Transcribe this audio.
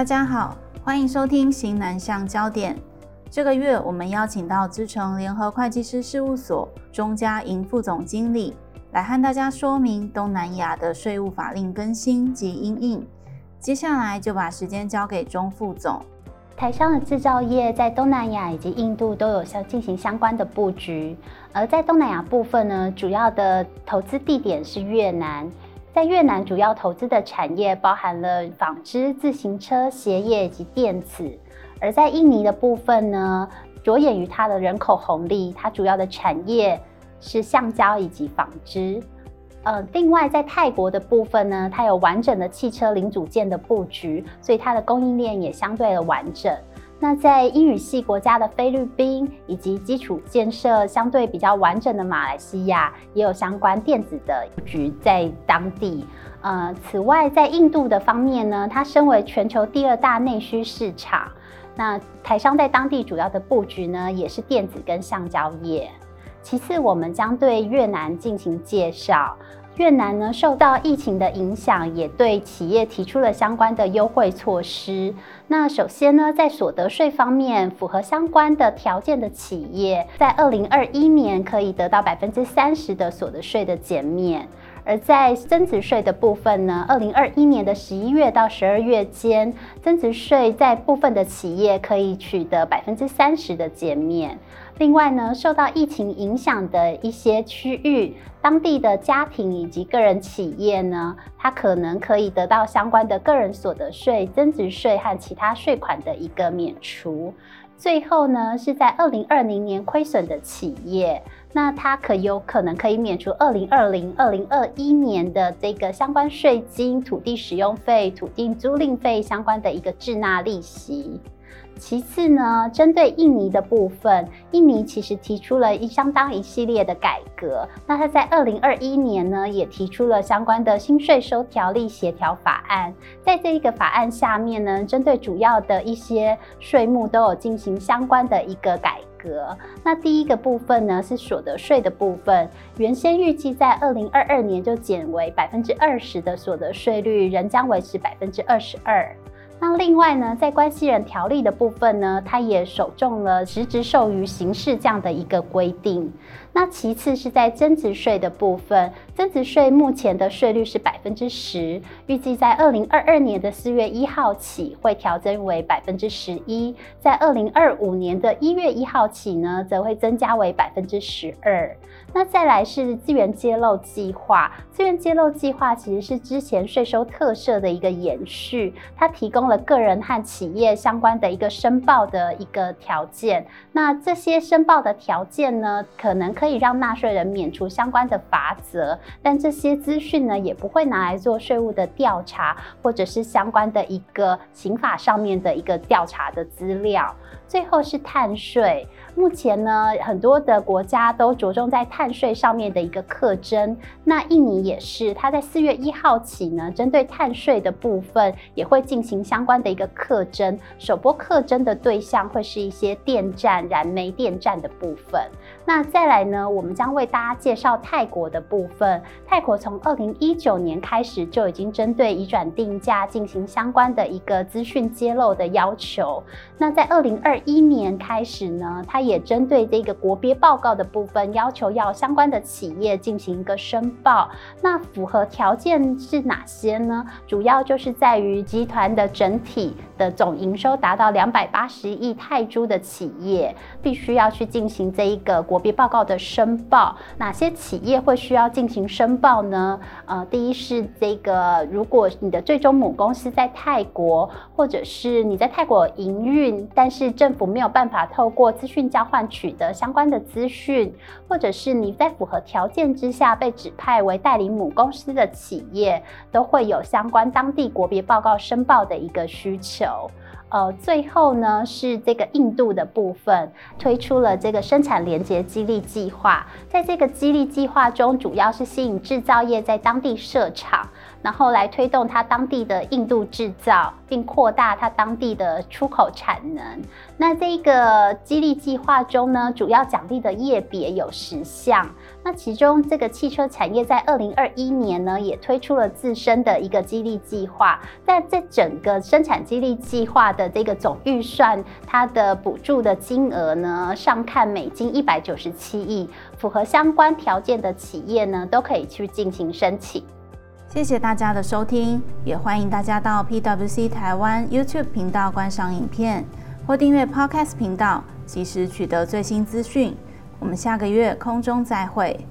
大家好，歡迎收聽《新南向焦點》。這個月我們邀請到資誠聯合會計師事務所鍾家瑩副總經理來和大家說明東南亞的稅務法令更新及因應。接下來就把時間交給鍾副總。台商的制造業在東南亞以及印度都有相進行相關的布局，而在東南亞部分呢，主要的投資地點是越南。在越南主要投資的產業包含了紡織、自行車、鞋業以及電子；而在印尼的部分呢，着眼於它的人口紅利，它主要的產業是橡膠以及紡織。呃，另外在泰國的部分呢，它有完整的汽車零組件的佈局，所以它的供應鏈也相對的完整。那在英語系國家的菲律賓以及基礎建設相對比較完整的馬來西亞，也有相關電子的布局在當地。呃，此外，在印度的方面呢，它身為全球第二大內需市場，那台商在當地主要的布局呢，也是電子跟橡膠業。其次，我們將對越南進行介紹。越南呢，受到疫情的影響，也對企業提出了相關的優惠措施。那首先呢，在所得稅方面，符合相關的條件的企業，在二零二一年可以得到百分之三十的所得稅的減免。而在增值稅的部分呢，二零二一年的十一月到十二月間，增值稅在部分的企業可以取得百分之三十的減免。另外呢，受到疫情影響的一些區域，當地的家庭以及個人企業呢，它可能可以得到相關的個人所得稅、增值稅和其他稅款的一個免除。最後呢，是在二零二零年虧損的企業，那它可有可能可以免除二零二零、二零二一年的這個相關稅金、土地使用費、土地租賃費相關的一個滯納利息。其次呢，針對印尼的部分，印尼其實提出了一相當一系列的改革。那它在二零二一年呢，也提出了相關的新稅收條例協調法案。在這一個法案下面呢，針對主要的一些稅目都有進行相關的一個改革。那第一個部分呢，是所得稅的部分，原先預計在二零二二年就減為百分之二十的所得稅率，仍將維持百分之二十二。那另外呢，在關係人條例的部分呢他守中，它也首重了實質授予形式這樣的一個規定。那其次是在增值稅的部分。增值稅目前的稅率是百分之十，預計在二零二二年的四月一號起會調整為百分之十一，在二零二五年的一月一號起呢，則會增加為百分之十二。那再來是資源揭露計劃，資源揭露計劃其實是之前稅收特赦的一個延續，它提供了個人和企業相關的一個申報的一個條件。那這些申報的條件呢，可能可以讓納稅人免除相關的罰則。但這些資訊呢，也不會拿來做稅務的調查，或者是相關的一個刑法上面的一個調查的資料。最後是碳稅，目前呢，很多的國家都着重在碳稅上面的一個課徵。那印尼也是，它在四月一號起呢，針對碳稅的部分也會進行相關的一個課徵。首波課徵的對象會是一些電站、燃煤電站的部分。那再來呢，我們將為大家介紹泰國的部分。泰國從二零一九年開始就已經針對移轉定價進行相關的一個資訊揭露的要求。那在二零二一年開始呢，它也針對這個國別報告的部分要求要相關的企業進行一個申報。那符合條件是哪些呢？主要就是在於集團的整體的總營收達到兩百八十億泰銖的企業，必須要去進行這一個國別報告的申報。哪些企業會需要進行？申報呢，呃，第一是這個，如果你的最終母公司在泰國，或者是你在泰國營運，但是政府沒有辦法透過資訊交換取得相關的資訊，或者是你在符合條件之下被指派為代理母公司的企業，都會有相關當地國別報告申報的一個需求。呃，最後呢，是這個印度的部分推出了這個生產連接激勵計劃，在這個激勵計劃中，主要是。吸引製造業在當地設廠，然後來推動它當地的印度製造，並擴大它當地的出口產能。那這個激勵計劃中呢，主要獎勵的業別有十項。那其中這個汽車產業在二零二一年呢，也推出了自身的一個激勵計劃。那在整個生產激勵計劃的這個總預算，它的補助的金額呢，上看美金一百九十七億。符合相關條件的企業呢，都可以去進行申請。謝謝大家的收聽，也歡迎大家到 PwC 台灣 YouTube 頻道觀賞影片。或訂閱 Podcast 頻道，及時取得最新資訊。我們下個月空中再會。